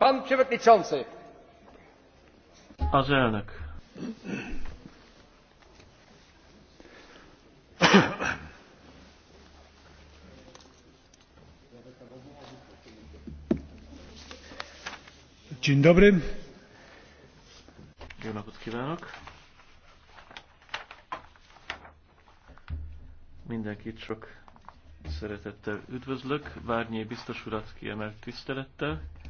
Pan Przewodniczący! Az elnök. Dzień dobry. Jó napot kívánok. Mindenkit sok szeretettel üdvözlök, Várnyé biztos urat kiemelt tisztelettel.